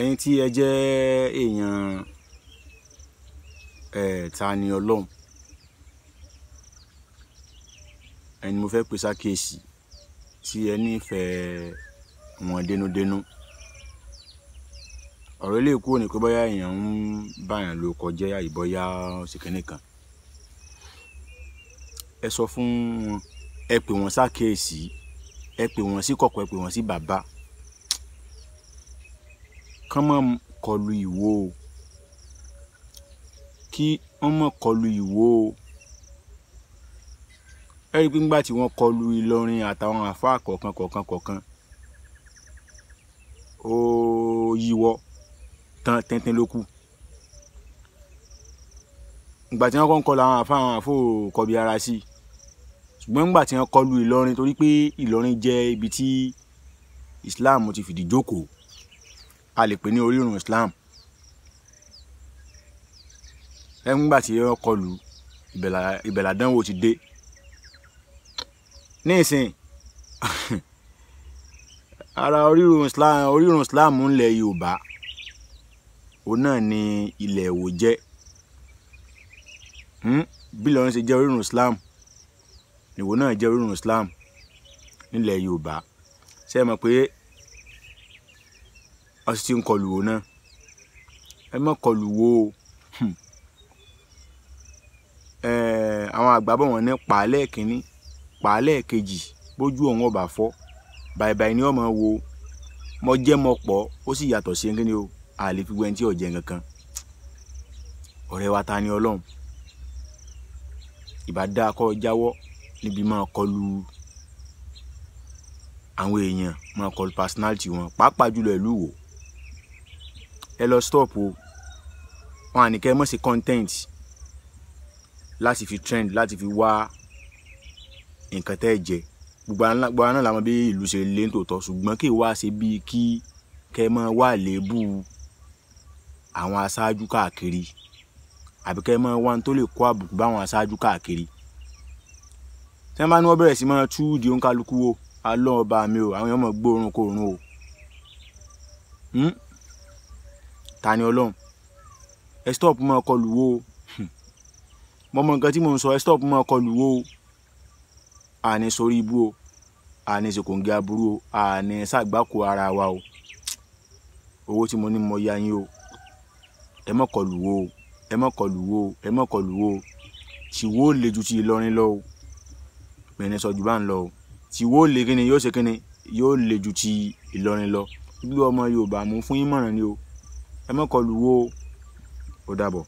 ẹ̀yin tí ẹ jẹ́ èèyàn ẹ̀ ta ni ọlọ́run ẹni mo fẹ́ pè sákèsì tí ẹ nífẹ̀ẹ́ wọn dénúdénú ọ̀rọ̀ ilé kúrò ní pé bóyá èèyàn ń báyàn ló kọjá ìbọ́yá ṣìkínní kan ẹ sọ fún wọn ẹ pè wọn sákèsì ẹ pè wọn sí kọ̀kọ̀ ẹ pè wọn sí bàbá kán mọ̀ kọlu ìwo o kí wọ́n mọ̀ kọlu ìwo o ẹ rí i pé nígbà tí wọ́n kọlu Ìlọrin àtàwọn àáfàá kọ̀ọ̀kan kọ̀ọ̀kan kọ̀ọ̀kan ó yíwọ́ tán tẹ́ntẹ́n ló kù ìgbà tí wọ́n kọ́ ń kọlu àwọn àáfàá àwọn àáfò kọbi ara sí ṣùgbọ́n nígbà tí wọ́n kọlu Ìlọrin torí pé Ìlọrin jẹ́ ibi tí Islam ti fìdí jókòó a lè pè ní orírun Islam nígbà tí wọ́n kọlù ìbẹ̀là dánwò ti dé ní ìsìn ara orírun Islam orírun Islam ńlẹ̀ Yorùbá òun náà ni ilẹ̀ èwò jẹ́ hmm? bí Ìlọrin ṣe jẹ́ orírun Islam ìwò náà jẹ́ orírun Islam nílẹ̀ Yorùbá ṣe é mọ̀ pé ọsì ń kọlù wo náà ẹ má kọlù wo o hmm. àwọn àgbàbọ̀ wọn ní pàálẹ̀ kínní pàálẹ̀ kejì bójú ọ̀hún ọ̀bà fọ́ bàìbàì ni ọmọ wo mọ jẹ́ mọ pọ̀ ó sì yàtọ̀ sí kínní o àlè fi gbẹ́ntì ọ̀jẹ̀ kankan ọ̀rẹ́ wa ta ni ọlọ́run ìbàdá kọ́ jáwọ́ níbi máa kọlu àwọn èèyàn máa kọlu personality wọn pàápàá jùlọ ìlú wò ẹ lọ stop o wọn à ní kẹ́ ẹ mọ̀ sí content láti fi trend láti fi wá nǹkan tẹ́ ẹ jẹ gbogbo àwọn náà làwọn bí ìlú ṣe lé tòótọ́ ṣùgbọ́n kí wá ṣe bíi kí kẹ́ ẹ mọ̀ wá léèbù àwọn aṣáájú káàkiri àbí kẹ́ ẹ mọ̀ wá tó lè kó àbùkù báwọn aṣáájú káàkiri tí wọ́n bá ní wọ́n bẹ̀rẹ̀ sí máa tú di òǹkálukú wo alọ́ ọba mi o àwọn èèyàn mọ̀ gbóòórùn kóòórùn o hmm? ta ni ọlọ́run ẹ stop mọ́ ọkọ lùwọ́ o hmm. mo mọ nǹkan tí mo ń sọ ẹ stop mọ́ ọkọ lùwọ́ o àní sórí ibú o àní sèkòǹgì aburú o àní sàgbákò ara wa o owó tí mo ní mo ya yín o ẹ mọ̀ kọ lùwọ́ o ẹ mọ̀ kọ lùwọ́ o ẹ mọ̀ kọ lùwọ́ o tìwó lè ju ti Ìlọrin lọ o mẹ́rin sọ jù bá ń lọ o tìwó lè kíni yóò ṣe kíni yóò lè ju ti Ìlọrin lọ gbígbé ọmọ Yorùbá mú fún yín mọ̀ràn ni o ẹ má kọlù wo ó dàbọ̀.